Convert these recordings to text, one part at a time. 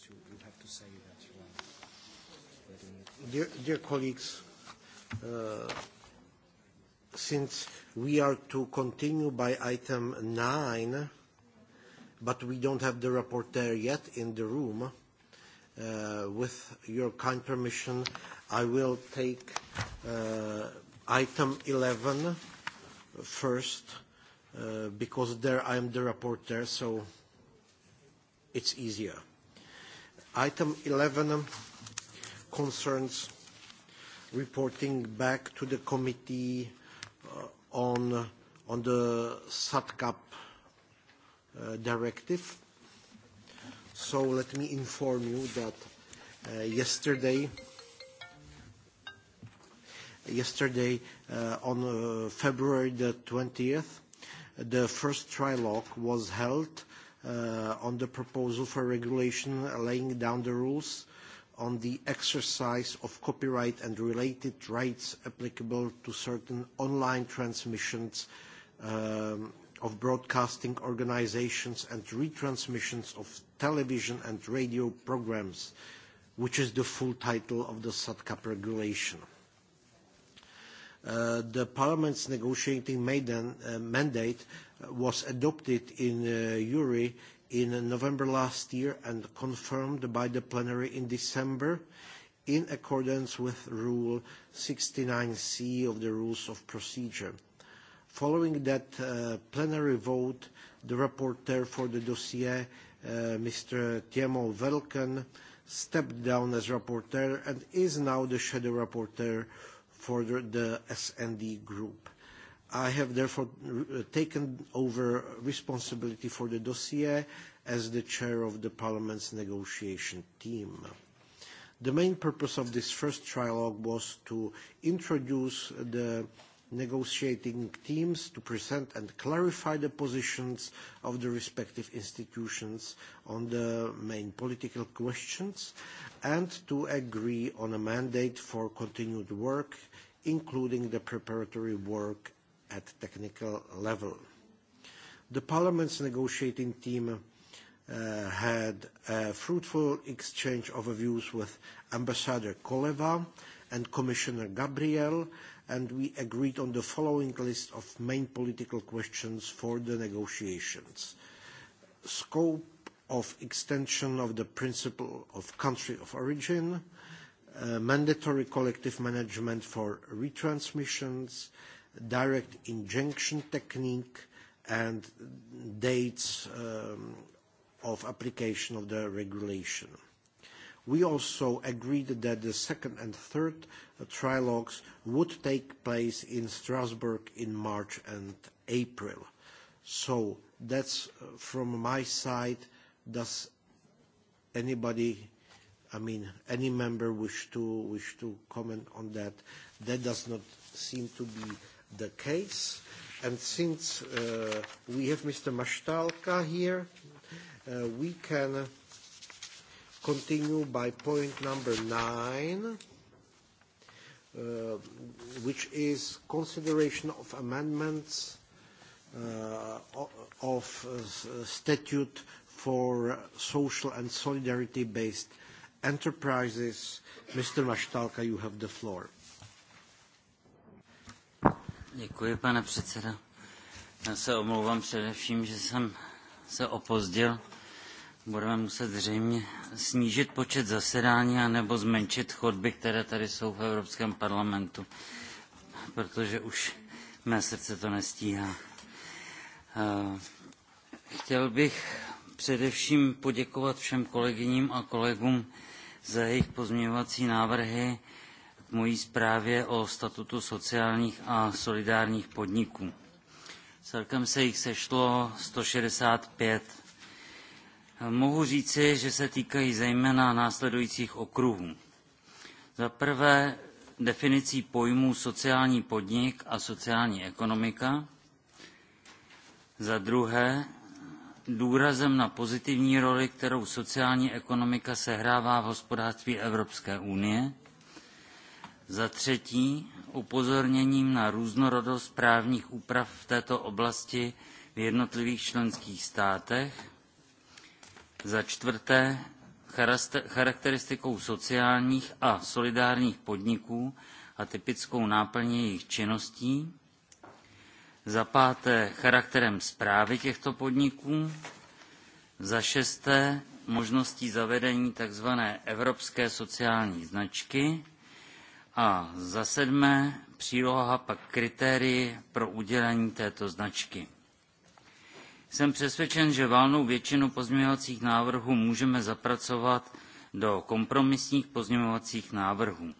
afterwards. You, you have to say that you are. That you dear, dear colleagues, uh, since we are to continue by item nine, but we don't have the rapporteur yet in the room, uh, with your kind permission, I will take uh, item 11 first, uh, because there I am the rapporteur, so it's easier. Item 11 um, concerns reporting back to the committee uh, on, uh, on the SatCap uh, directive. So let me inform you that uh, yesterday, yesterday uh, on uh, February the 20th, the first trilogue was held uh, on the proposal for regulation laying down the rules on the exercise of copyright and related rights applicable to certain online transmissions um, of broadcasting organizations and retransmissions of television and radio programs, which is the full title of the SATCAP regulation. Uh, the Parliament's negotiating maiden, uh, mandate uh, was adopted in uh, URI in November last year and confirmed by the plenary in December in accordance with Rule 69C of the Rules of Procedure. Following that uh, plenary vote, the rapporteur for the dossier, uh, Mr. Timo Welken, stepped down as rapporteur and is now the shadow rapporteur for the, the S&D group. I have therefore uh, taken over responsibility for the dossier as the chair of the Parliament's negotiation team. The main purpose of this first trialogue was to introduce the negotiating teams to present and clarify the positions of the respective institutions on the main political questions and to agree on a mandate for continued work, including the preparatory work at technical level. The Parliament's negotiating team uh, had a fruitful exchange of views with Ambassador Koleva and Commissioner Gabriel, and we agreed on the following list of main political questions for the negotiations. Scope of extension of the principle of country of origin, uh, mandatory collective management for retransmissions, uh, direct injunction technique and dates um, of application of the regulation. We also agreed that the second and third uh, trilogues would take place in Strasbourg in March and April. So that's uh, from my side. Does anybody, I mean, any member wish to, wish to comment on that? That does not seem to be the case. And since uh, we have Mr. Mashtalka here, uh, we can continue by point number nine, uh, which is consideration of amendments uh, of uh, uh, statute for social and solidarity-based enterprises. Mr. Mashtalka, you have the floor. Děkuji, pane předsedo. Já se omlouvám především, že jsem se opozdil. Budeme muset zřejmě snížit počet zasedání anebo zmenšit chodby, které tady jsou v Evropském parlamentu, protože už mé srdce to nestíhá. Eh, chtěl bych především poděkovat všem kolegyním a kolegům za jejich pozměňovací návrhy mojí zprávě o statutu sociálních a solidárních podniků. Celkem se jich sešlo 165. Mohu říci, že se týkají zejména následujících okruhů. Za prvé definicí pojmů sociální podnik a sociální ekonomika. Za druhé důrazem na pozitivní roli, kterou sociální ekonomika sehrává v hospodářství Evropské unie – Za třetí upozorněním na různorodost právních úprav v této oblasti v jednotlivých členských státech. Za čtvrté charakteristikou sociálních a solidárních podniků a typickou náplní jejich činností, za páté charakterem zprávy těchto podniků, za šesté možností zavedení tzv. evropské sociální značky A za sedmé příloha pak kritérii pro udělení této značky. Jsem přesvědčen, že válnou většinu pozměňovacích návrhů můžeme zapracovat do kompromisních pozměňovacích návrhů.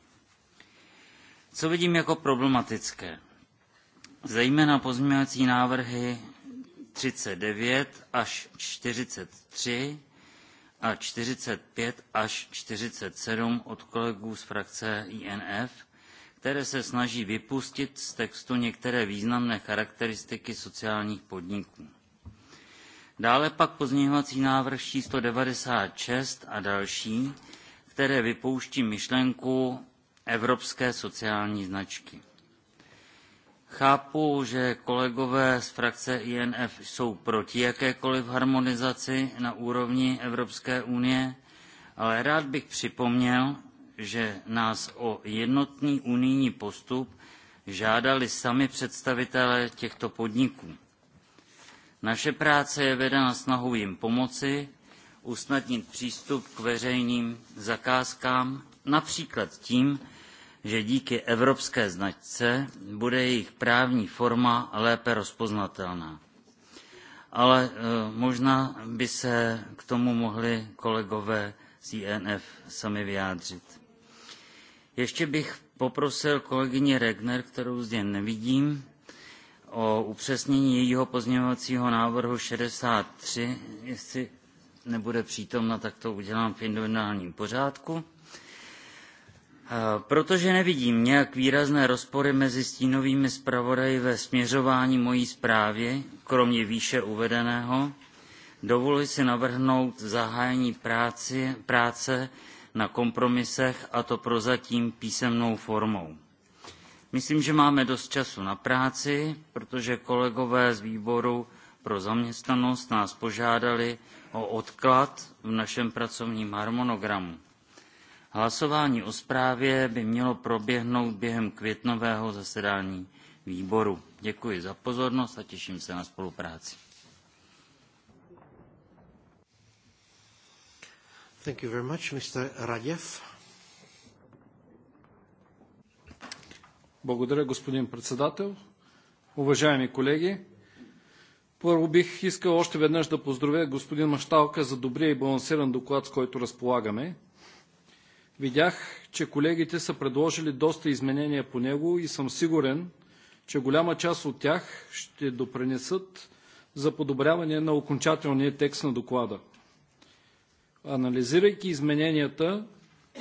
Co vidím jako problematické? Zejména pozměňovací návrhy 39 až 43, a 45 až 47 od kolegů z frakce INF, které se snaží vypustit z textu některé významné charakteristiky sociálních podniků. Dále pak pozměňovací návrh číslo 96 a další, které vypouští myšlenku evropské sociální značky. Chápu, že kolegové z frakce INF jsou proti jakékoliv harmonizaci na úrovni Evropské unie, ale rád bych připomněl, že nás o jednotný unijní postup žádali sami představitelé těchto podniků. Naše práce je vedena snahou jim pomoci, usnadnit přístup k veřejným zakázkám, například tím, že díky evropské značce bude jejich právní forma lépe rozpoznatelná. Ale e, možná by se k tomu mohli kolegové z INF sami vyjádřit. Ještě bych poprosil kolegyni Regner, kterou zde nevidím, o upřesnění jejího pozměňovacího návrhu 63, jestli nebude přítomna, tak to udělám v individuálním pořádku. Protože nevidím nějak výrazné rozpory mezi stínovými zpravodaji ve směřování mojí zprávy, kromě výše uvedeného, dovoluji si navrhnout zahájení práci, práce na kompromisech, a to prozatím písemnou formou. Myslím, že máme dost času na práci, protože kolegové z výboru pro zaměstnanost nás požádali o odklad v našem pracovním harmonogramu Hlasování o zprávě by mělo proběhnout během květnového zasedání výboru. Děkuji za pozornost a těším se na spolupráci. Thank you very much, Mr. Radev. Благодаря, господин председател. Уважаеми колеги, първо бих искал още веднъж да поздравя господин Машталка за добрия и балансиран доклад, с който разполагаме. Видях, че колегите са предложили доста изменения по него и съм сигурен, че голяма част от тях ще допринесат за подобряване на окончателния текст на доклада. Анализирайки измененията,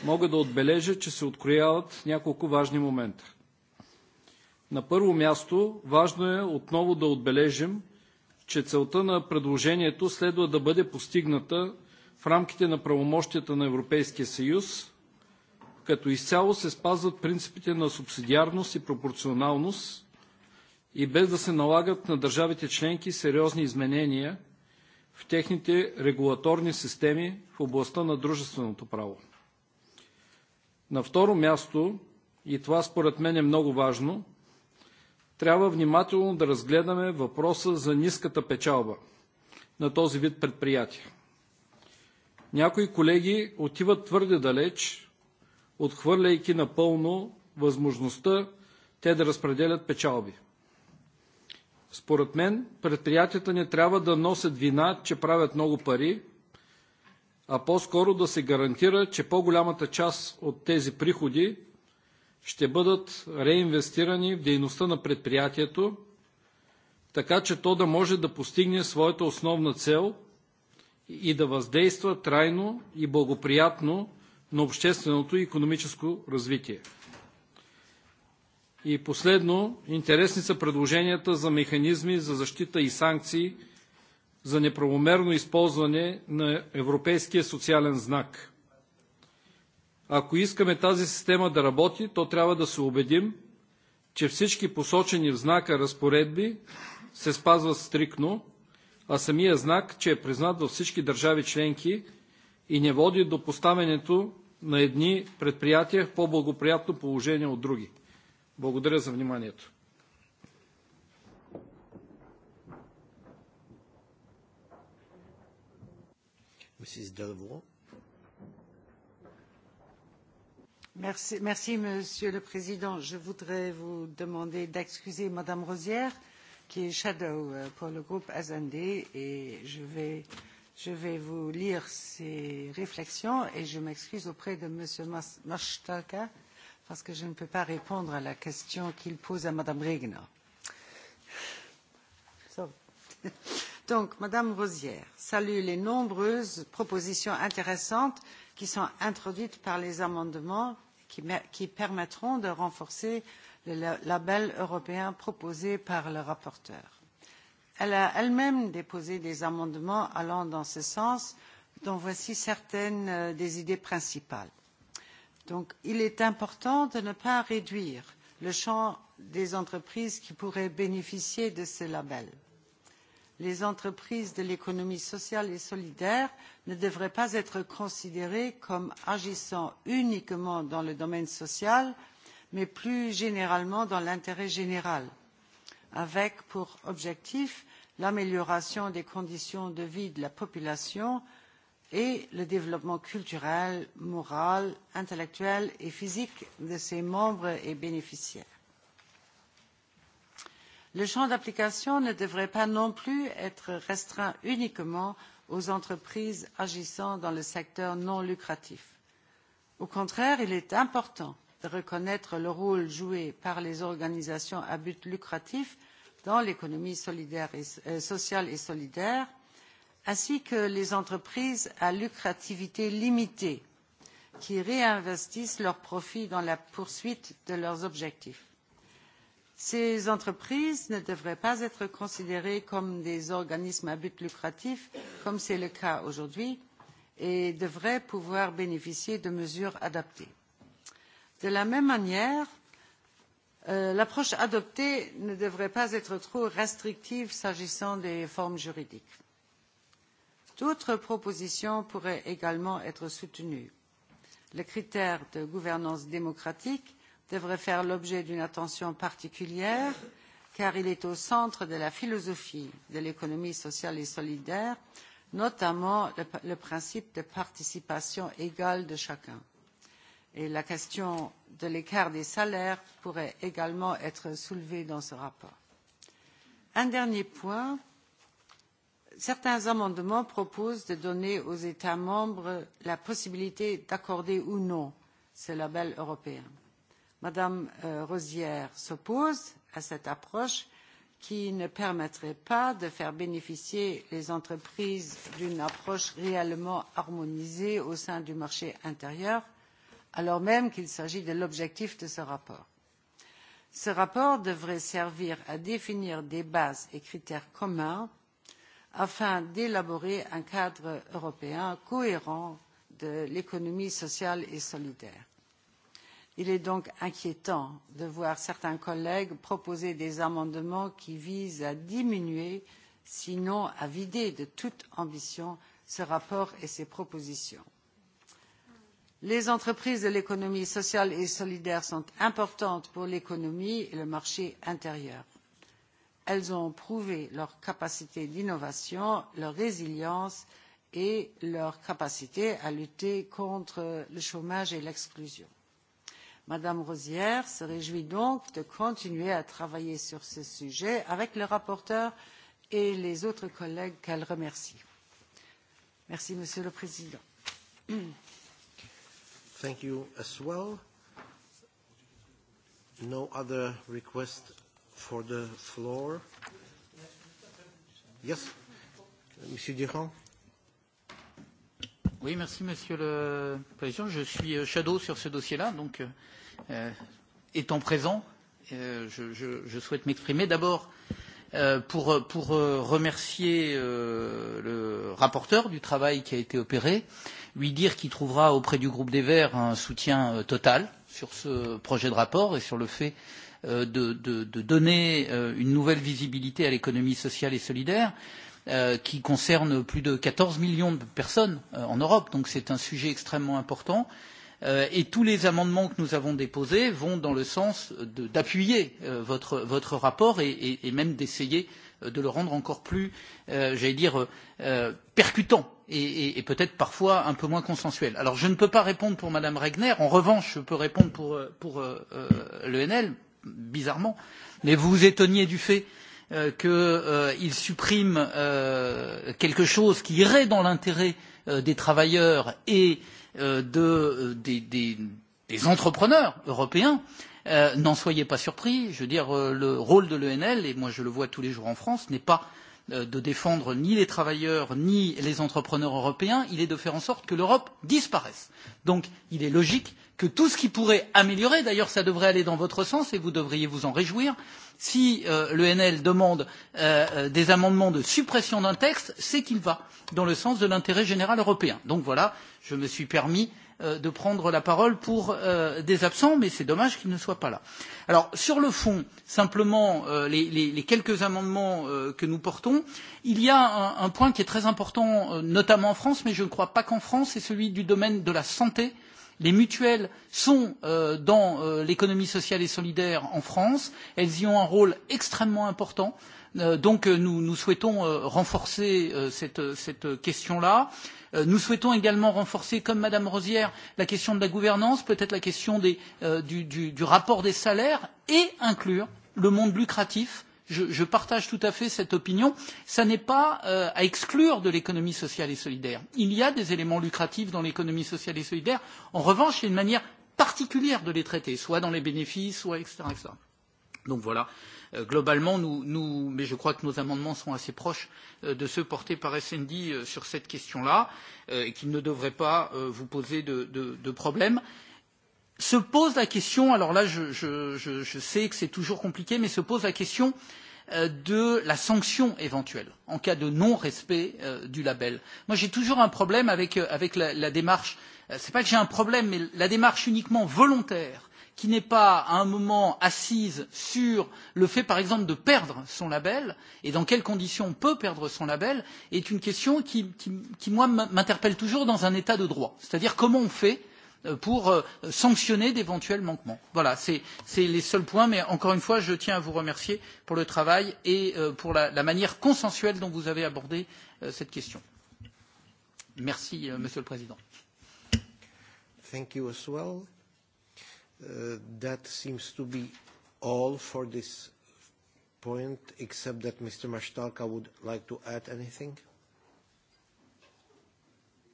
мога да отбележа, че се открояват няколко важни момента. На първо място, важно е отново да отбележим, че целта на предложението следва да бъде постигната в рамките на правомощията на Европейския съюз като изцяло се спазват принципите на субсидиарност и пропорционалност и без да се налагат на държавите членки сериозни изменения в техните регулаторни системи в областта на дружественото право. На второ място, и това според мен е много важно, трябва внимателно да разгледаме въпроса за ниската печалба на този вид предприятия. Някои колеги отиват твърде далеч отхвърляйки напълно възможността те да разпределят печалби. Според мен, предприятията не трябва да носят вина, че правят много пари, а по-скоро да се гарантира, че по-голямата част от тези приходи ще бъдат реинвестирани в дейността на предприятието, така че то да може да постигне своята основна цел и да въздейства трайно и благоприятно на общественото и економическо развитие. И последно, интересни са предложенията за механизми за защита и санкции за неправомерно използване на европейския социален знак. Ако искаме тази система да работи, то трябва да се убедим, че всички посочени в знака разпоредби се спазват стрикно, а самия знак, че е признат във всички държави членки – и не води до поставянето на едни предприятия в по-благоприятно положение от други. Благодаря за вниманието. Mrs. Delvaux. Merci, merci, Monsieur le Président. Je voudrais vous demander d'excuser Madame Rosière, qui est shadow euh, pour le groupe SND, et je vais euh, Je vais vous lire ses réflexions et je m'excuse auprès de M. Mashtalka parce que je ne peux pas répondre à la question qu'il pose à Mme Regner. Sorry. Donc, Madame Rosière salue les nombreuses propositions intéressantes qui sont introduites par les amendements qui, qui permettront de renforcer le label européen proposé par le rapporteur Elle a elle-même déposé des amendements allant dans ce sens, dont voici certaines euh, des idées principales. Donc, il est important de ne pas réduire le champ des entreprises qui pourraient bénéficier de ce label. Les entreprises de l'économie sociale et solidaire ne devraient pas être considérées comme agissant uniquement dans le domaine social, mais plus généralement dans l'intérêt général avec pour objectif l'amélioration des conditions de vie de la population et le développement culturel, moral, intellectuel et physique de ses membres et bénéficiaires. Le champ d'application ne devrait pas non plus être restreint uniquement aux entreprises agissant dans le secteur non lucratif. Au contraire, il est important de reconnaître le rôle joué par les organisations à but lucratif dans l'économie euh, sociale et solidaire ainsi que les entreprises à lucrativité limitée qui réinvestissent leurs profits dans la poursuite de leurs objectifs. ces entreprises ne devraient pas être considérées comme des organismes à but lucratif comme c'est le cas aujourd'hui et devraient pouvoir bénéficier de mesures adaptées de la même manière euh, l'approche adoptée ne devrait pas être trop restrictive s'agissant des formes juridiques. d'autres propositions pourraient également être soutenues. le critère de gouvernance démocratique devrait faire l'objet d'une attention particulière car il est au centre de la philosophie de l'économie sociale et solidaire notamment le, le principe de participation égale de chacun et la question de l'écart des salaires pourrait également être soulevée dans ce rapport. Un dernier point certains amendements proposent de donner aux États membres la possibilité d'accorder ou non ce label européen. Madame euh, Rosière s'oppose à cette approche qui ne permettrait pas de faire bénéficier les entreprises d'une approche réellement harmonisée au sein du marché intérieur alors même qu'il s'agit de l'objectif de ce rapport. Ce rapport devrait servir à définir des bases et critères communs afin d'élaborer un cadre européen cohérent de l'économie sociale et solidaire. Il est donc inquiétant de voir certains collègues proposer des amendements qui visent à diminuer, sinon à vider de toute ambition, ce rapport et ses propositions les entreprises de l'économie sociale et solidaire sont importantes pour l'économie et le marché intérieur. elles ont prouvé leur capacité d'innovation leur résilience et leur capacité à lutter contre le chômage et l'exclusion. mme rozière se réjouit donc de continuer à travailler sur ce sujet avec le rapporteur et les autres collègues qu'elle remercie. merci monsieur le président. Thank you as well. No other request for the floor? Yes, Monsieur Durand. Oui, merci Monsieur le Président. Je suis euh, shadow sur ce dossier-là, donc euh, euh, étant présent, euh, je, je, je souhaite m'exprimer. D'abord, euh, pour, pour euh, remercier euh, le rapporteur du travail qui a été opéré. Euh, lui dire qu'il trouvera auprès du groupe des Verts un soutien euh, total sur ce projet de rapport et sur le fait euh, de, de, de donner euh, une nouvelle visibilité à l'économie sociale et solidaire qui concerne plus de 14 millions de personnes en Europe, donc c'est un sujet extrêmement important. Et tous les amendements que nous avons déposés vont dans le sens d'appuyer votre, votre rapport et, et, et même d'essayer de le rendre encore plus, euh, j'allais dire, euh, percutant et, et, et peut-être parfois un peu moins consensuel. Alors je ne peux pas répondre pour Madame Regner, en revanche je peux répondre pour, euh, pour euh, euh l'ENL, bizarrement, mais vous vous étonniez du fait euh, qu'il euh, supprime euh, quelque chose qui irait dans l'intérêt euh, des travailleurs et euh, de, euh, des, des, des entrepreneurs européens. Euh, N'en soyez pas surpris, je veux dire, euh, le rôle de l'ENL, et moi je le vois tous les jours en France, n'est pas euh, Euh, de défendre ni les travailleurs ni les entrepreneurs européens, il est de faire en sorte que l'Europe disparaisse. Donc il est logique que tout ce qui pourrait améliorer, d'ailleurs ça devrait aller dans votre sens et vous devriez vous en réjouir, si euh, l'ENL demande euh, euh, des amendements de suppression d'un texte, c'est qu'il va dans le sens de l'intérêt général européen. Donc voilà, je me suis permis euh, de prendre la parole pour euh, des absents, mais c'est dommage qu'ils ne soient pas là. Alors sur le fond, simplement euh, les, les, les quelques amendements euh, que nous portons, il y a un, un point qui est très important, euh, notamment en France, mais je ne crois pas qu'en France, c'est celui du domaine de la santé euh, les mutuelles sont euh, dans euh, l'économie sociale et solidaire en france elles y ont un rôle extrêmement important euh, donc euh, nous, nous souhaitons euh, renforcer cette, cette question là. nous souhaitons également renforcer comme mme rozière la question de la gouvernance peut être la question des, du, du, du rapport des salaires et inclure le monde lucratif je, je partage tout à fait cette opinion. Ça n'est pas euh, à exclure de l'économie sociale et solidaire. Il y a des éléments lucratifs dans l'économie sociale et solidaire. En revanche, il y a une manière particulière de les traiter, soit dans les bénéfices, soit etc. etc. Donc voilà, euh, globalement, nous, nous, mais je crois que nos amendements sont assez proches euh, de ceux portés par SND euh, sur cette question-là, euh, et qu'ils ne devraient pas euh, vous poser de, de, de problème. Euh, se pose la question alors là je, je, je, je sais que c'est toujours compliqué mais se pose la question euh, de la sanction éventuelle en cas de non respect euh, du label. Moi j'ai toujours un problème avec, euh, avec la, la démarche euh, c'est pas que j'ai un problème mais la démarche uniquement volontaire qui n'est pas à un moment assise sur le fait par exemple de perdre son label et dans quelles conditions on peut perdre son label est une question qui, qui, qui moi m'interpelle toujours dans un état de droit c'est à dire comment on fait Euh, pour euh, sanctionner d'éventuels manquements. voilà c'est les seuls points mais encore une fois je tiens à vous remercier pour le travail et euh, pour la, la manière consensuelle dont vous avez abordé cette question. merci monsieur le président. Thank you as well. Uh, that seems to be all for this point, except that Mr. Mashtalka would like to add anything.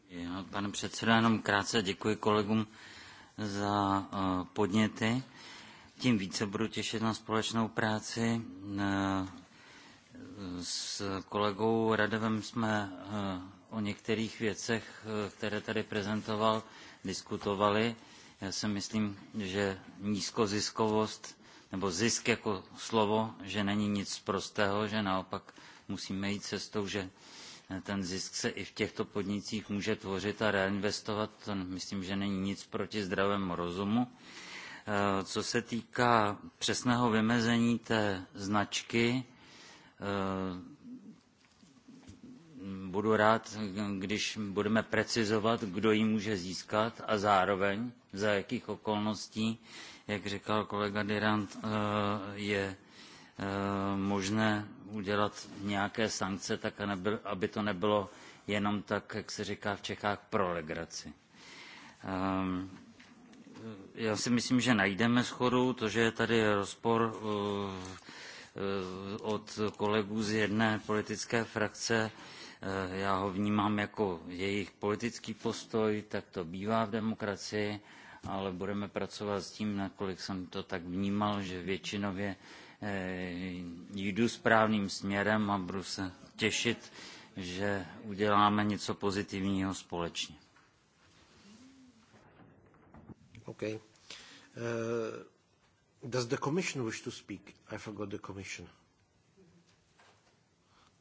Já, pane předsedo, jenom krátce děkuji kolegům za uh, podněty. Tím více budu těšit na společnou práci. Eh, s kolegou Radevem jsme eh, o některých věcech, které tady prezentoval, diskutovali. Já si myslím, že nízkoziskovost nebo zisk jako slovo, že není nic prostého, že naopak musíme jít cestou, že Eh, ten zisk se i v těchto podnicích může tvořit a reinvestovat. To myslím, že není nic proti zdravému rozumu. Eh, co se týká přesného vymezení té značky, eh, budu rád, když budeme precizovat, kdo ji může získat a zároveň za jakých okolností, jak říkal kolega Dirant, je Eh, možné udělat nějaké sankce, tak aby to nebylo jenom tak, jak se říká v Čechách, pro legraci. Ehm, já si myslím, že najdeme schodu, to, že je tady rozpor eh, eh, od kolegů z jedné politické frakce, já ho vnímám jako jejich politický postoj, tak to bývá v demokracii, ale budeme pracovat s tím, nakolik jsem to tak vnímal, že většinově Eh, jdu správným směrem a budu se těšit, že uděláme něco pozitivního společně. Okay. Uh, does the Commission wish to speak? I forgot the Commission.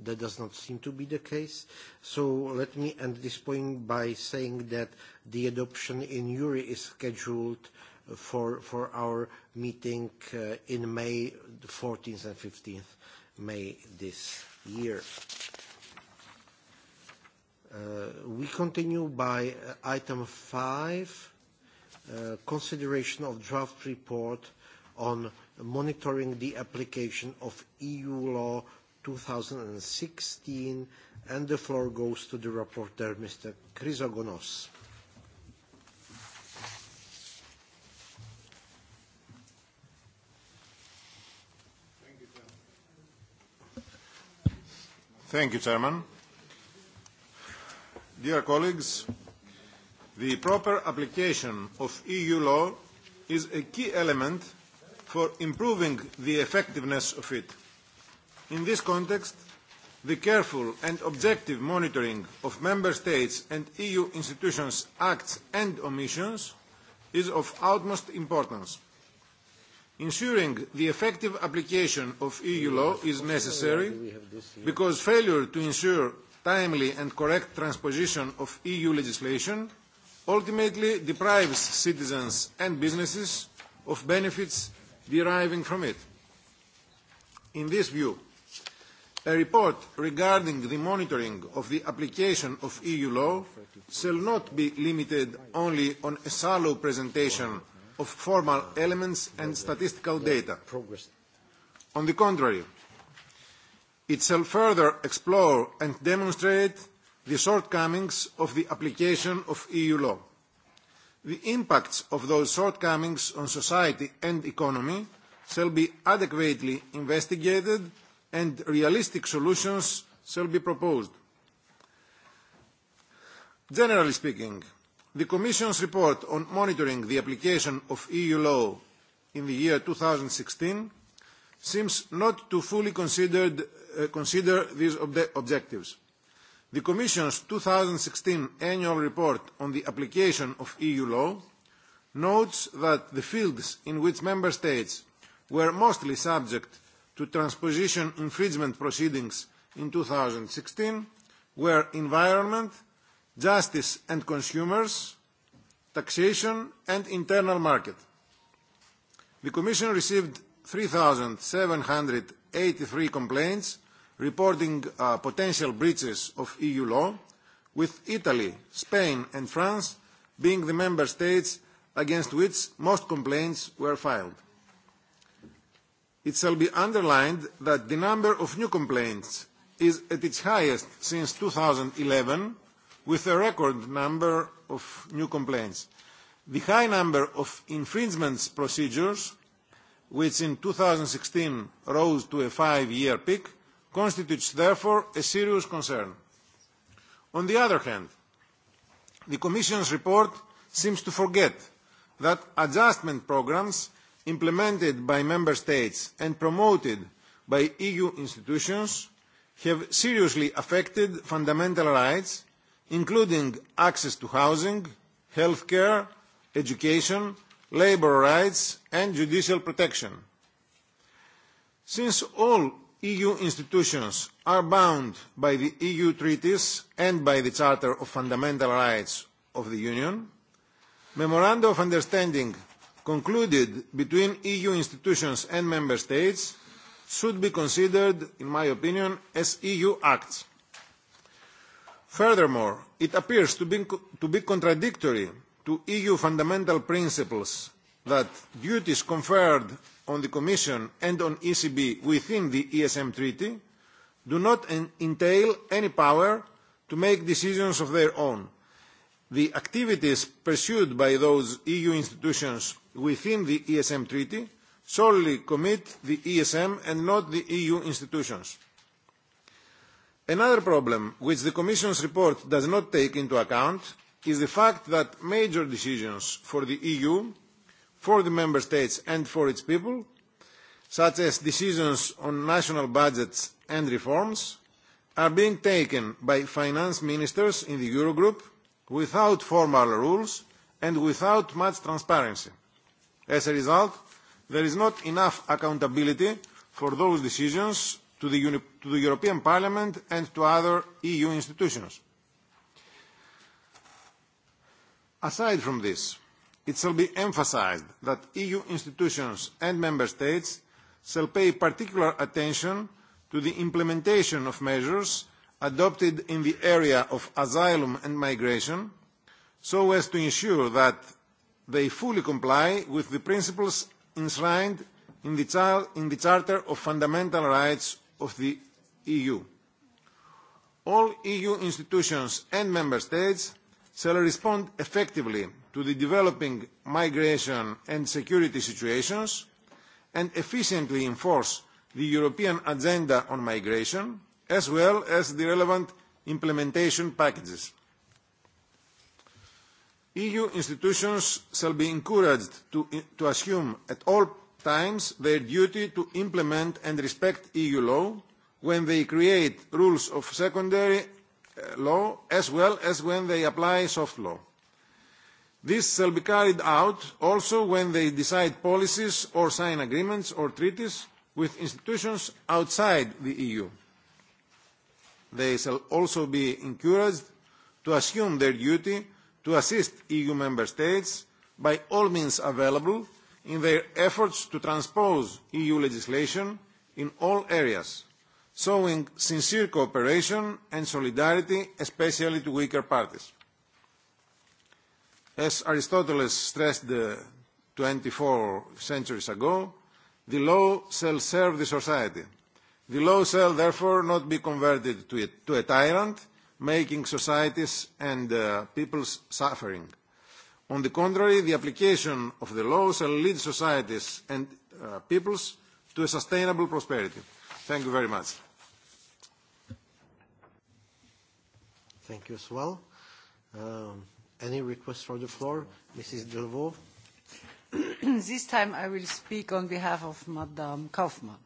That does not seem to be the case. So let me end this point by saying that the adoption in URI is scheduled uh, for, for our meeting uh, in May, the 14th and 15th May this year. Uh, we continue by uh, item five, uh, consideration of draft report on monitoring the application of EU law 2016, and the floor goes to the rapporteur, Mr. Chrysogonos. Thank you, Chairman. Dear colleagues, the proper application of EU law is a key element for improving the effectiveness of it. In this context, the careful and objective monitoring of Member States and EU institutions' acts and omissions is of utmost importance. Ensuring the effective application of EU law is necessary because failure to ensure timely and correct transposition of EU legislation ultimately deprives citizens and businesses of benefits deriving from it. In this view, a report regarding the monitoring of the application of EU law shall not be limited only on a shallow presentation of formal elements and statistical data. On the contrary, it shall further explore and demonstrate the shortcomings of the application of EU law, the impacts of those shortcomings on society and economy, shall be adequately investigated and realistic solutions shall be proposed. Generally speaking, The Commission's report on monitoring the application of EU law in the year 2016 seems not to fully considered, uh, consider these obje objectives. The Commission's 2016 annual report on the application of EU law notes that the fields in which Member States were mostly subject to transposition infringement proceedings in 2016 were environment, justice and consumers, taxation and internal market. The Commission received 3,783 complaints reporting uh, potential breaches of EU law, with Italy, Spain and France being the member states against which most complaints were filed. It shall be underlined that the number of new complaints is at its highest since 2011, with a record number of new complaints. The high number of infringements procedures, which in 2016 rose to a five-year peak, constitutes therefore a serious concern. On the other hand, the Commission's report seems to forget that adjustment programmes implemented by Member States and promoted by EU institutions have seriously affected fundamental rights including access to housing, health care, education, labour rights and judicial protection. Since all EU institutions are bound by the EU treaties and by the Charter of Fundamental Rights of the Union, Memoranda of Understanding concluded between EU institutions and Member States should be considered, in my opinion, as EU acts. Furthermore, it appears to be, to be contradictory to EU fundamental principles that duties conferred on the Commission and on ECB within the ESM Treaty do not entail any power to make decisions of their own. The activities pursued by those EU institutions within the ESM Treaty solely commit the ESM and not the EU institutions. Another problem which the Commission's report does not take into account is the fact that major decisions for the EU, for the Member States and for its people, such as decisions on national budgets and reforms, are being taken by finance ministers in the Eurogroup without formal rules and without much transparency. As a result, there is not enough accountability for those decisions to the to the European Parliament and to other EU institutions. Aside from this, it shall be emphasized that EU institutions and Member States shall pay particular attention to the implementation of measures adopted in the area of asylum and migration so as to ensure that they fully comply with the principles enshrined in the, in the Charter of Fundamental Rights of the EU. All EU institutions and Member States shall respond effectively to the developing migration and security situations and efficiently enforce the European agenda on migration, as well as the relevant implementation packages. EU institutions shall be encouraged to, to assume at all times their duty to implement and respect EU law when they create rules of secondary uh, law as well as when they apply soft law. This shall be carried out also when they decide policies or sign agreements or treaties with institutions outside the EU. They shall also be encouraged to assume their duty to assist EU member states by all means available in their efforts to transpose EU legislation in all areas showing sincere cooperation and solidarity, especially to weaker parties. As Aristotle stressed uh, 24 centuries ago, the law shall serve the society. The law shall therefore not be converted to a, to a tyrant, making societies and uh, peoples suffering. On the contrary, the application of the law shall lead societies and uh, peoples to a sustainable prosperity. Thank you very much. Thank you as well. Um, any requests for the floor? Mrs. Delvaux? this time I will speak on behalf of Madame Kaufmann.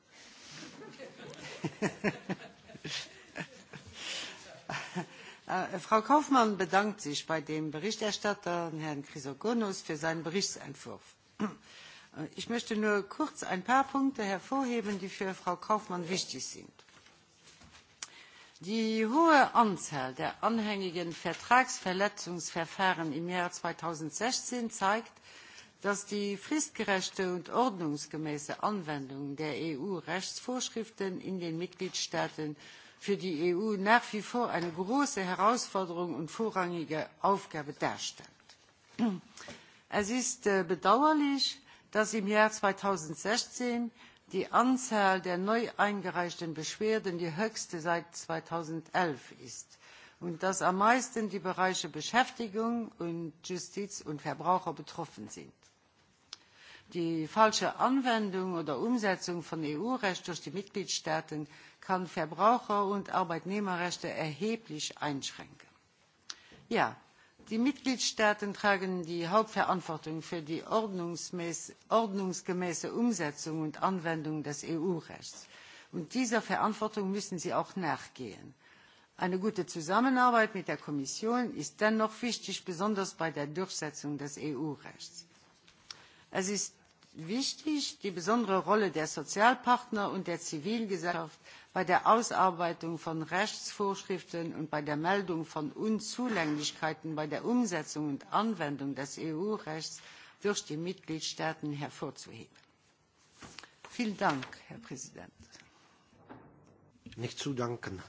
Äh, Frau Kaufmann bedankt sich bei dem Berichterstatter, Herrn Chrysogonos, für seinen Berichtsentwurf. Äh, ich möchte nur kurz ein paar Punkte hervorheben, die für Frau Kaufmann wichtig sind die hohe anzahl der anhängigen vertragsverletzungsverfahren im jahr zweitausendsechzehn zeigt dass die fristgerechte und ordnungsgemäße anwendung der eu rechtsvorschriften in den mitgliedstaaten für die eu nach wie vor eine große herausforderung und vorrangige aufgabe darstellt. es ist äh, bedauerlich dass im jahr zweitausendsechzehn die anzahl der neu eingereichten beschwerden die höchste seit zweitausendelf ist und dass am meisten die bereiche beschäftigung und justiz und verbraucher betroffen sind. die falsche anwendung oder umsetzung von eu recht durch die mitgliedstaaten kann verbraucher und arbeitnehmerrechte erheblich einschränken. ja die mitgliedstaaten tragen die hauptverantwortung für die ordnungsgemäße umsetzung und anwendung des eu rechts und dieser verantwortung müssen sie auch nachgehen. eine gute zusammenarbeit mit der kommission ist dennoch wichtig besonders bei der durchsetzung des eu rechts. es ist wichtig die besondere rolle der sozialpartner und der zivilgesellschaft bei der ausarbeitung von rechtsvorschriften und bei der meldung von unzulänglichkeiten bei der umsetzung und anwendung des eu rechts durch die mitgliedstaaten hervorzuheben. vielen dank herr präsident! nicht zu danken.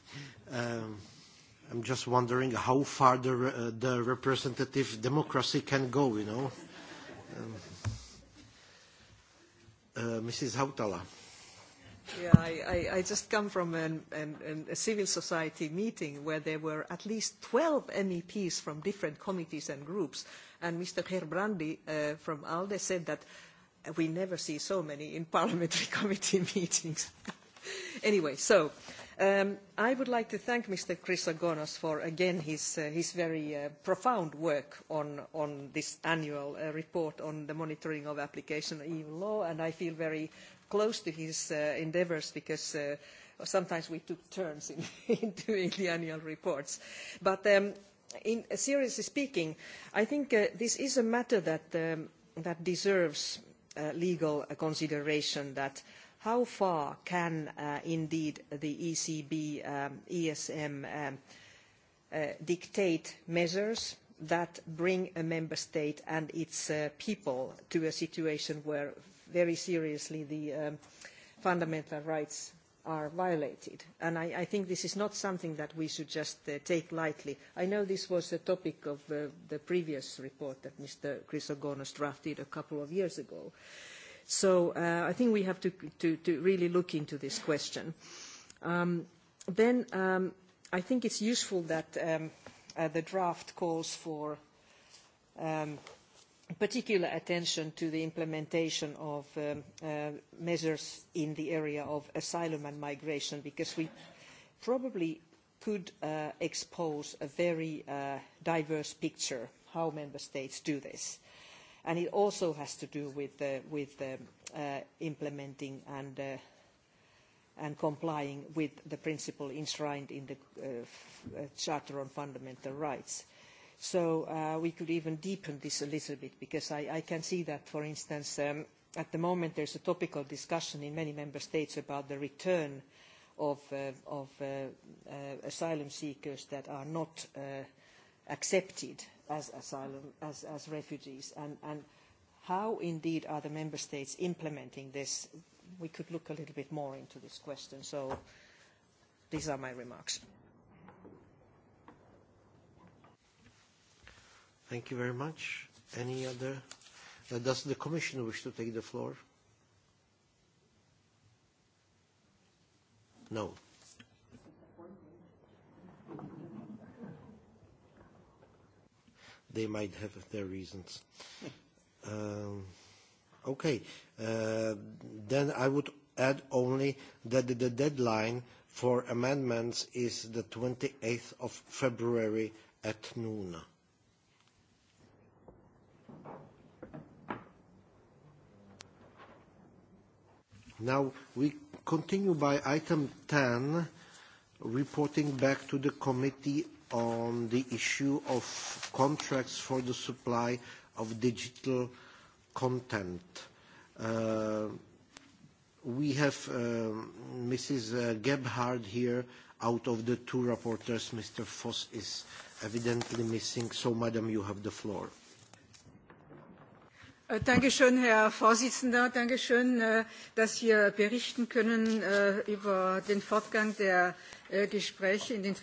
Uh, i'm just wondering how far the, uh, the representative democracy can go you know. Um, Uh, Mrs. Hautala. Yeah, I, I, I just come from an, an, a civil society meeting where there were at least 12 MEPs from different committees and groups. And Mr. Herbrandi uh, from ALDE said that we never see so many in parliamentary committee meetings. anyway, so uh, Um, I would like to thank Mr. Chrysogonos for, again, his, uh, his very uh, profound work on, on this annual uh, report on the monitoring of application of EU law, and I feel very close to his uh, endeavours because uh, sometimes we took turns in, in doing the annual reports. But um, in, uh, seriously speaking, I think uh, this is a matter that, um, that deserves uh, legal uh, consideration that uh, how far can uh, indeed the ECB, um, ESM um, uh, dictate measures that bring a member state and its uh, people to a situation where very seriously the um, fundamental rights are violated. And I, I think this is not something that we should just uh, take lightly. I know this was a topic of uh, the previous report that Mr. Chrysogonos drafted a couple of years ago. Uh, So uh, I think we have to, to, to really look into this question. Um, then um, I think it's useful that um, uh, the draft calls for um, particular attention to the implementation of um, uh, measures in the area of asylum and migration because we probably could uh, expose a very uh, diverse picture how member states do this. Uh, and it also has to do with, uh, with uh, uh, implementing and, uh, and complying with the principle enshrined in the uh, uh, Charter on Fundamental Rights. So uh, we could even deepen this a little bit because I, I can see that, for instance, um, at the moment there's a topical discussion in many member states about the return of, uh, of uh, uh, asylum seekers that are not uh, accepted as asylum, as, as refugees, and, and how indeed are the member states implementing this? We could look a little bit more into this question. So these are my remarks. Thank you very much. Any other? Uh, does the Commissioner wish to take the floor? No. they might have their reasons. Um, okay. Uh, then I would add only that the deadline for amendments is the 28th of February at noon. Now we continue by item 10, reporting back to the committee on the issue of contracts for the supply of digital content. Uh, we have uh, Mrs. Uh, Gebhardt here. Out of the two rapporteurs, Mr. Voss is evidently missing. So, madam, you have the floor. Äh, Dankeschön, Herr Vorsitzender. Dankeschön, äh, dass wir berichten können äh, über den Fortgang der Gespräche in den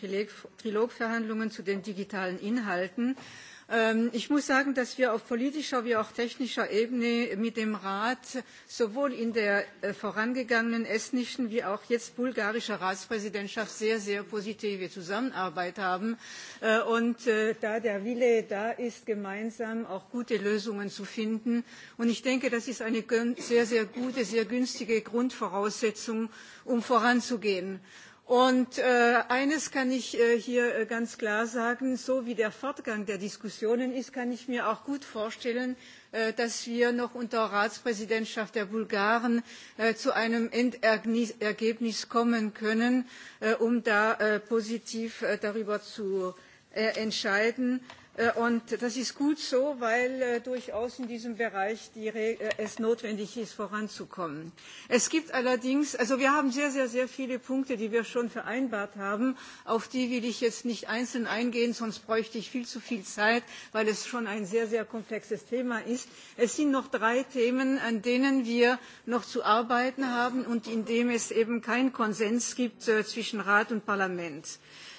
Trilogverhandlungen zu den digitalen Inhalten. Äh, Ähm, ich muss sagen, dass wir auf politischer wie auch technischer Ebene mit dem Rat sowohl in der äh, vorangegangenen estnischen wie auch jetzt bulgarischen Ratspräsidentschaft sehr, sehr positive Zusammenarbeit haben. Äh, und äh, da der Wille da ist, gemeinsam auch gute Lösungen zu finden. Und ich denke, das ist eine sehr, sehr gute, sehr günstige Grundvoraussetzung, um voranzugehen Und äh, eines kann ich äh, hier äh, ganz klar sagen, so wie der Fortgang der Diskussionen ist, kann ich mir auch gut vorstellen, äh, dass wir noch unter Ratspräsidentschaft der Bulgaren äh, zu einem Endergebnis kommen können, äh, um da äh, positiv äh, darüber zu äh, entscheiden. Äh, Äh, und das ist gut so, weil äh, durchaus in diesem Bereich die Re äh, es notwendig ist, voranzukommen. Es gibt allerdings, also wir haben sehr, sehr, sehr viele Punkte, die wir schon vereinbart haben. Auf die will ich jetzt nicht einzeln eingehen, sonst bräuchte ich viel zu viel Zeit, weil es schon ein sehr, sehr komplexes Thema ist. Es sind noch drei Themen, an denen wir noch zu arbeiten haben und in dem es eben keinen Konsens gibt äh, zwischen Rat und Parlament. Äh,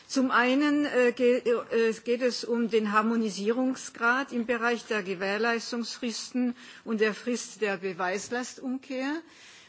Zum einen äh, geht, äh, geht es um den Harmonisierungsgrad im Bereich der Gewährleistungsfristen und der Frist der Beweislastumkehr.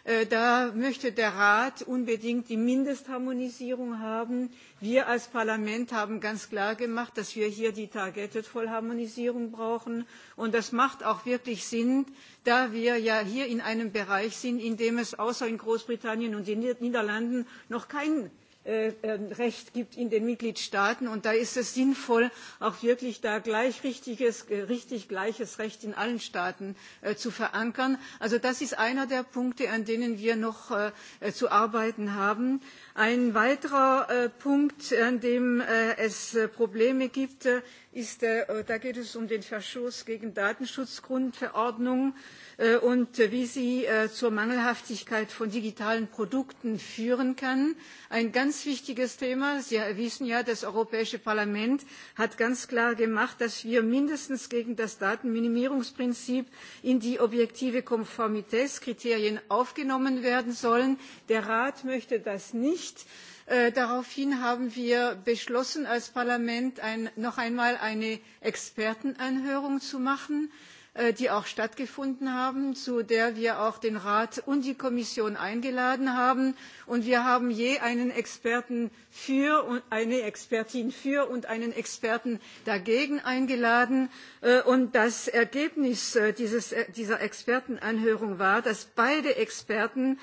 Äh, da möchte der Rat unbedingt die Mindestharmonisierung haben. Wir als Parlament haben ganz klar gemacht, dass wir hier die Targeted Vollharmonisierung brauchen. Und das macht auch wirklich Sinn, da wir ja hier in einem Bereich sind, in dem es außer in Großbritannien und den Niederlanden noch keinen Äh, Recht gibt in den Mitgliedstaaten. Und da ist es sinnvoll, auch wirklich da gleich richtiges, richtig gleiches Recht in allen Staaten äh, zu verankern. Also das ist einer der Punkte, an denen wir noch äh, äh zu arbeiten haben. Äh, Ein weiterer äh, Punkt, an dem äh, es äh, Probleme gibt, äh, ist, äh, da geht es um den Verstoß gegen Datenschutzgrundverordnung äh, und äh, wie sie äh, zur Mangelhaftigkeit von digitalen Produkten führen kann. Ein ganz wichtiges Thema. Sie wissen ja, das Europäische Parlament hat ganz klar gemacht, dass wir mindestens gegen das Datenminimierungsprinzip in die objektive Konformitätskriterien aufgenommen werden sollen. Der Rat möchte das nicht nicht. Äh, daraufhin haben wir beschlossen, als Parlament ein, noch einmal eine Expertenanhörung zu machen. Äh, Äh, die auch stattgefunden haben, zu der wir auch den Rat und die Kommission eingeladen haben. Und wir haben je einen Experten für und eine Expertin für und einen Experten dagegen eingeladen. Äh, und das Ergebnis äh, dieses, dieser Expertenanhörung war, dass beide Experten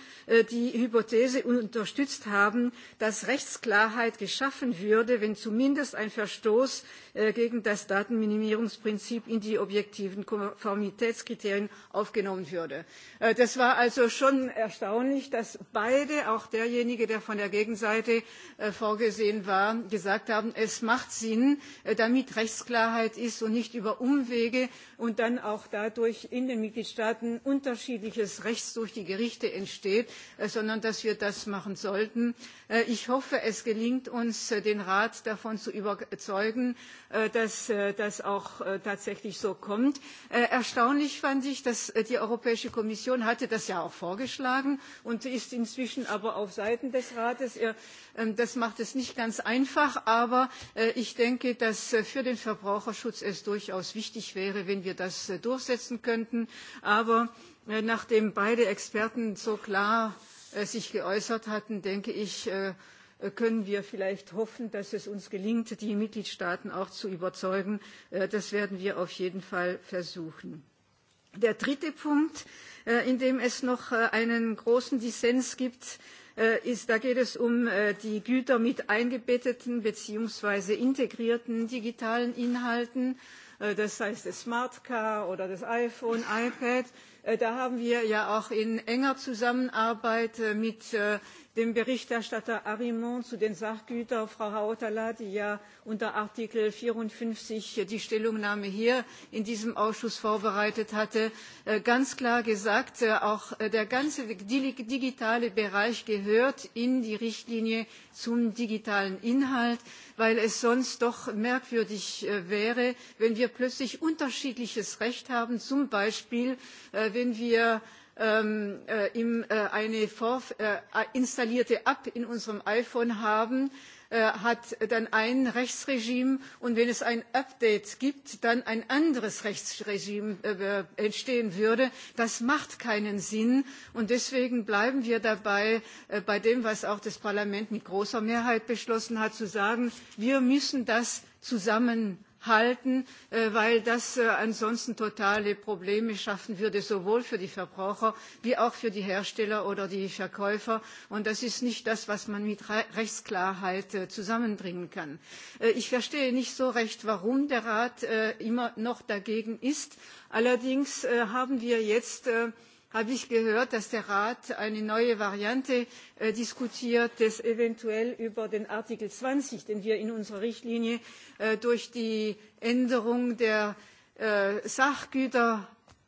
die Hypothese unterstützt haben, dass Rechtsklarheit geschaffen würde, wenn zumindest ein Verstoß gegen das Datenminimierungsprinzip in die objektiven Konformitätskriterien aufgenommen würde. Äh, das war also schon erstaunlich, dass beide, auch derjenige, der von der Gegenseite äh, vorgesehen war, gesagt haben, es macht Sinn, äh, damit Rechtsklarheit ist und nicht über Umwege und dann auch dadurch in den Mitgliedstaaten unterschiedliches Rechts durch die Gerichte entsteht, sondern dass wir das machen sollten. Ich hoffe, es gelingt uns, den Rat davon zu überzeugen, dass das auch tatsächlich so kommt erstaunlich fand ich, dass äh, die Europäische Kommission hatte das ja auch vorgeschlagen und ist inzwischen aber auf Seiten des Rates. Ähm, das macht es nicht ganz einfach, aber äh, ich denke, dass äh, für den Verbraucherschutz es durchaus wichtig wäre, wenn wir das durchsetzen könnten. Aber nachdem beide Experten so klar sich geäußert hatten, denke ich, Äh, können wir vielleicht hoffen, dass es uns gelingt, die Mitgliedstaaten auch zu überzeugen. Äh, das werden wir auf jeden Fall versuchen. Der dritte Punkt, äh, in dem es noch einen großen Dissens gibt, ist, da geht es um die Güter mit eingebetteten bzw. integrierten digitalen Inhalten, das heißt das Smart Car oder das iPhone, iPad. Äh, da haben wir ja auch in enger Zusammenarbeit äh, mit äh, dem Berichterstatter Arimont zu den Sachgütern, Frau Hautala, die ja unter Artikel 54 die Stellungnahme hier in diesem Ausschuss vorbereitet hatte, ganz klar gesagt, auch der ganze digitale Bereich gehört in die Richtlinie zum digitalen Inhalt, weil es sonst doch merkwürdig wäre, wenn wir plötzlich unterschiedliches Recht haben, zum Beispiel wenn wir ähm, äh, im, äh, eine vorf äh, installierte App in unserem iPhone haben, äh, hat dann ein Rechtsregime und wenn es ein Update gibt, dann ein anderes Rechtsregime äh, entstehen würde. Das macht keinen Sinn und deswegen bleiben wir dabei, äh, bei dem, was auch das Parlament mit großer Mehrheit beschlossen hat, zu sagen, wir müssen das zusammen halten, äh, weil das äh, ansonsten totale Probleme schaffen würde, sowohl für die Verbraucher wie auch für die Hersteller oder die Verkäufer. Und das ist nicht das, was man mit Rechtsklarheit äh, zusammenbringen kann. Ich verstehe nicht so recht, warum der Rat immer noch dagegen ist. Allerdings haben wir jetzt habe ich gehört, dass der Rat eine neue Variante äh, diskutiert, das eventuell über den Artikel 20, den wir in unserer Richtlinie äh, durch die Änderung der äh, Sachgüter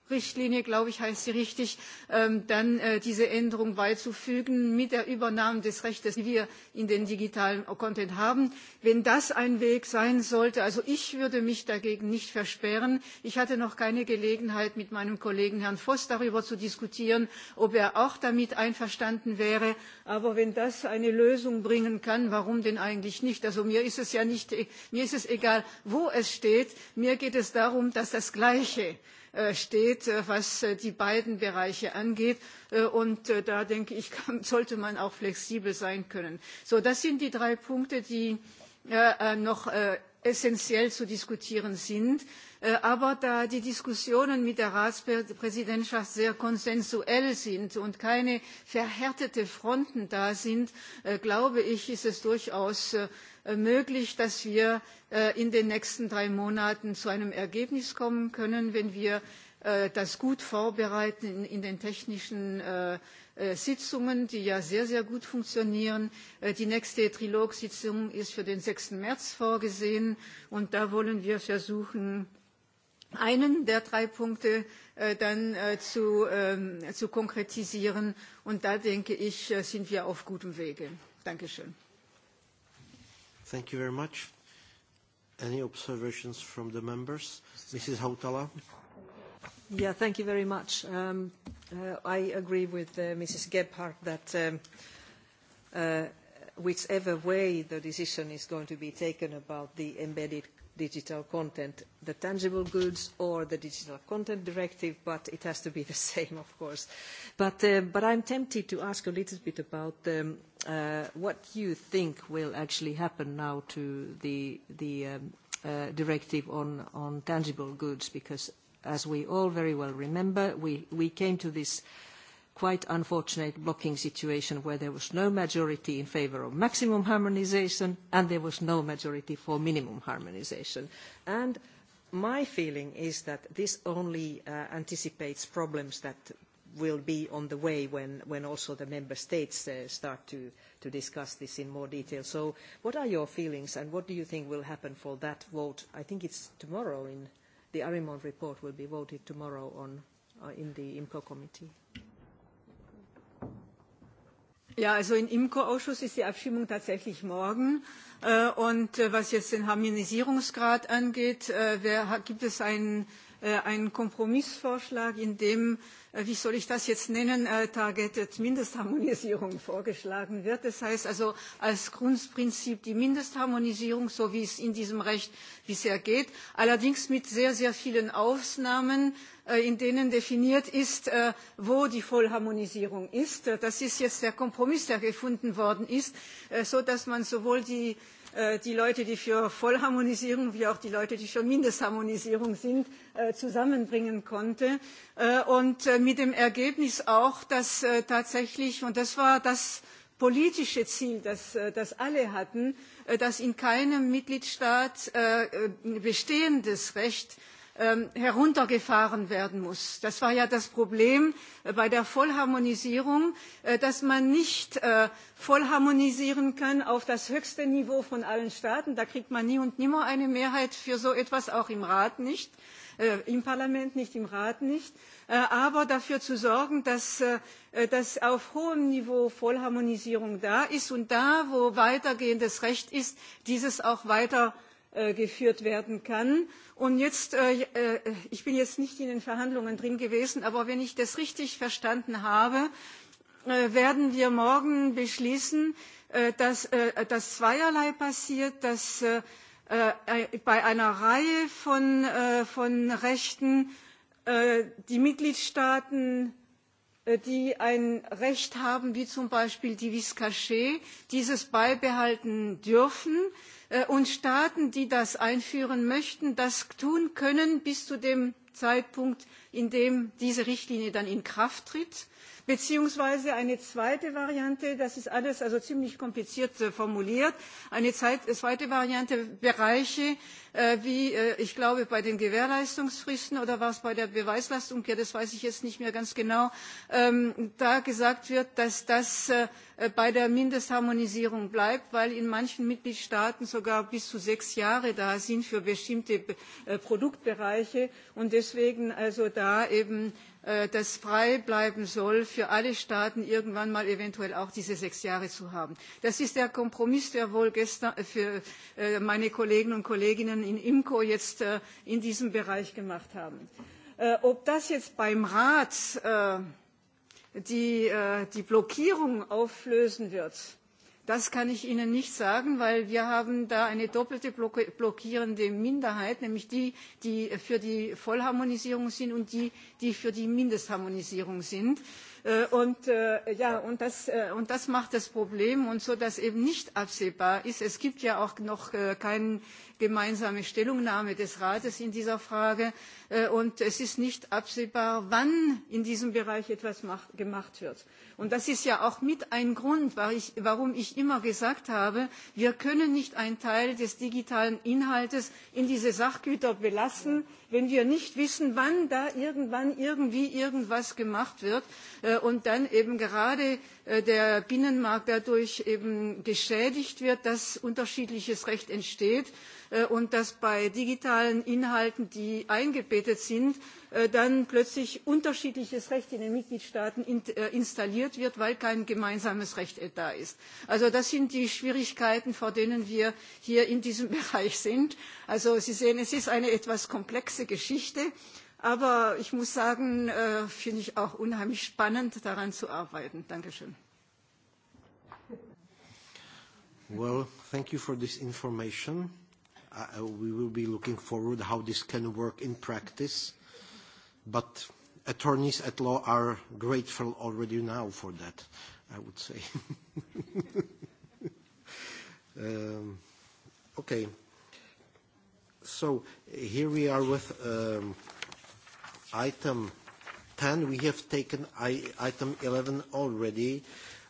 Richtlinie, glaube ich, heißt sie richtig, ähm, dann äh, diese Änderung beizufügen mit der Übernahme des Rechts, die wir in den digitalen Content haben. Wenn das ein Weg sein sollte, also ich würde mich dagegen nicht versperren. Ich hatte noch keine Gelegenheit, mit meinem Kollegen Herrn Voss darüber zu diskutieren, ob er auch damit einverstanden wäre. Aber wenn das eine Lösung bringen kann, warum denn eigentlich nicht? Also mir ist es ja nicht, mir ist es egal, wo es steht. Mir geht es darum, dass das Gleiche Äh, steht äh, was äh, die beiden bereiche angeht und da denke ich kann, sollte man auch flexibel sein können. So, das sind die drei punkte die noch essentiell zu diskutieren sind. Äh, aber da die Diskussionen mit der Ratspräsidentschaft sehr konsensuell sind und keine verhärtete Fronten da sind, äh, glaube ich, ist es durchaus äh, möglich, dass wir in den nächsten drei Monaten zu einem Ergebnis kommen können, wenn wir das gut vorbereiten in den technischen Sitzungen, die ja sehr, sehr gut funktionieren. Die nächste Trilogsitzung ist für den 6. März vorgesehen und da wollen wir versuchen, einen der drei Punkte äh, dann äh, zu, ähm, zu konkretisieren. Und da denke ich, äh, sind wir auf gutem Wege. Dankeschön. Thank you very much. Any observations from the members? Mrs. Hautala? Yeah, thank you very much. Um, uh, I agree with uh, Mrs. Gebhardt that um, uh, whichever way the decision is going to be taken about the embedded digital content, the tangible goods or the digital content directive, but it has to be the same, of course. But, uh, but I'm tempted to ask a little bit about um, uh, what you think will actually happen now to the, the um, uh, directive on, on tangible goods, because as we all very well remember, we, we came to this uh, quite unfortunate blocking situation where there was no majority in favour of maximum harmonisation and there was no majority for minimum harmonisation. And my feeling is that this only uh, anticipates problems that will be on the way when, when also the member states uh, start to, to discuss this in more detail. So what are your feelings and what do you think will happen for that vote? I think it's tomorrow in the Arimon report will be voted tomorrow on, uh, in the IMCO committee. Ja, also im IMCO-Ausschuss ist die Abstimmung tatsächlich morgen. Äh, und äh, was jetzt den Harmonisierungsgrad angeht, äh, gibt es einen Äh, einen Kompromissvorschlag, in dem, äh, wie soll ich das jetzt nennen, äh, Targeted Mindestharmonisierung vorgeschlagen wird. Das heißt also als Grundprinzip die Mindestharmonisierung, so wie es in diesem Recht bisher geht, allerdings mit sehr, sehr vielen Ausnahmen, in denen definiert ist, wo die Vollharmonisierung ist. Das ist jetzt der Kompromiss, der gefunden worden ist, sodass man sowohl die Äh, die Leute, die für Vollharmonisierung wie auch die Leute, die für Mindestharmonisierung sind, äh, zusammenbringen konnte. Äh, und mit dem Ergebnis auch, dass tatsächlich, und das war das, politische Ziel, das, das alle hatten, dass in keinem Mitgliedstaat bestehendes Recht Ähm, heruntergefahren werden muss. das war ja das problem äh, bei der vollharmonisierung äh, dass man nicht äh, voll harmonisieren kann auf das höchste niveau von allen staaten da kriegt man nie und nimmer eine mehrheit für so etwas auch im rat nicht im parlament nicht im rat nicht aber dafür zu sorgen dass, dass auf hohem niveau vollharmonisierung da ist und da wo weitergehendes recht ist dieses auch weiter Äh, geführt werden kann. Und jetzt, äh, äh, ich bin jetzt nicht in den Verhandlungen drin gewesen, aber wenn ich das richtig verstanden habe, werden wir morgen beschließen, dass, dass zweierlei passiert, dass bei einer Reihe von, von Rechten die Mitgliedstaaten die ein Recht haben, wie zum Beispiel die Viscaché, dieses beibehalten dürfen. Äh, Äh, und Staaten, die das einführen möchten, das tun können bis zu dem Zeitpunkt, in dem diese Richtlinie dann in Kraft tritt beziehungsweise eine zweite Variante, das ist alles also ziemlich kompliziert äh, formuliert, eine äh, zweite Variante Bereiche, äh, wie ich glaube bei den Gewährleistungsfristen oder was bei der Beweislastumkehr, das weiß ich jetzt nicht mehr ganz genau, ähm, da gesagt wird, dass das bei der Mindestharmonisierung bleibt, weil in manchen Mitgliedstaaten sogar bis zu sechs Jahre da sind für bestimmte Produktbereiche und deswegen also da eben Äh, das frei bleiben soll für alle staaten irgendwann mal eventuell auch diese sechs jahre zu haben. das ist der kompromiss der wohl gestern äh, für äh, meine kollegen und kolleginnen in imco jetzt in diesem bereich gemacht haben. ob das jetzt beim rat die, die blockierung auflösen wird Das kann ich Ihnen nicht sagen, weil wir haben da eine doppelte blockierende Minderheit, nämlich die, die für die Vollharmonisierung sind und die, die für die Mindestharmonisierung sind. Äh, Äh, und, äh, ja, und, das, äh, und das macht das Problem und so, dass eben nicht absehbar ist. Es gibt ja auch noch keine gemeinsame Stellungnahme des Rates in dieser Frage und es ist nicht absehbar, wann in diesem Bereich etwas macht, gemacht wird. Und das ist ja auch mit ein Grund, warum ich immer gesagt habe, wir können nicht einen Teil des digitalen Inhaltes in diese Sachgüter belassen, wenn wir nicht wissen, wann da irgendwann irgendwie irgendwas gemacht wird äh, und dann eben gerade Äh, der binnenmarkt dadurch eben geschädigt wird dass unterschiedliches recht entsteht äh, und dass bei digitalen inhalten die eingebettet sind äh, dann plötzlich unterschiedliches recht in den mitgliedstaaten installiert wird weil kein gemeinsames recht da ist. also das sind die schwierigkeiten vor denen wir hier in diesem bereich stehen. also sie sehen es ist eine etwas komplexe geschichte Aber ich muss sagen, äh, finde ich auch unheimlich spannend, daran zu arbeiten. Dankeschön. Well, thank you for this information. Uh, we will be looking forward how this can work in practice. But attorneys at law are grateful already now for that, I would say. um, okay. So here we are with um, Item 10, we have taken I, item 11 already.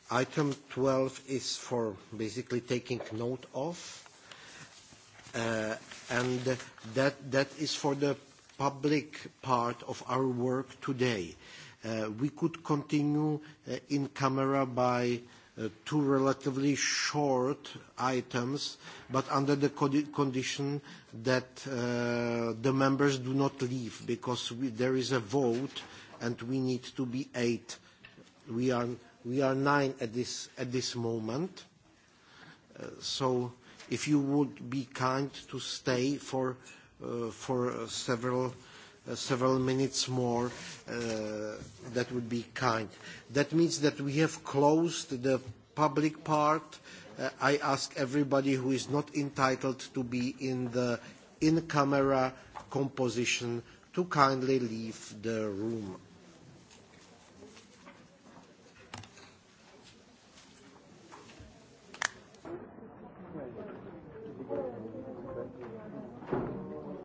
Item 12 is for basically taking note of. Uh, and that, that is for the public part of our work today. Uh, we could continue uh, in camera by uh, uh, two relatively short items, but under the condition that uh, the members do not leave, because we, there is a vote, and we need to be eight. We are, we are nine at this, at this moment. Uh, so if you would be kind to stay for, uh, for several uh, several minutes more, uh, that would be kind. That means that we have closed the public part. Uh, I ask everybody who is not entitled to be in the in-camera composition to kindly leave the room.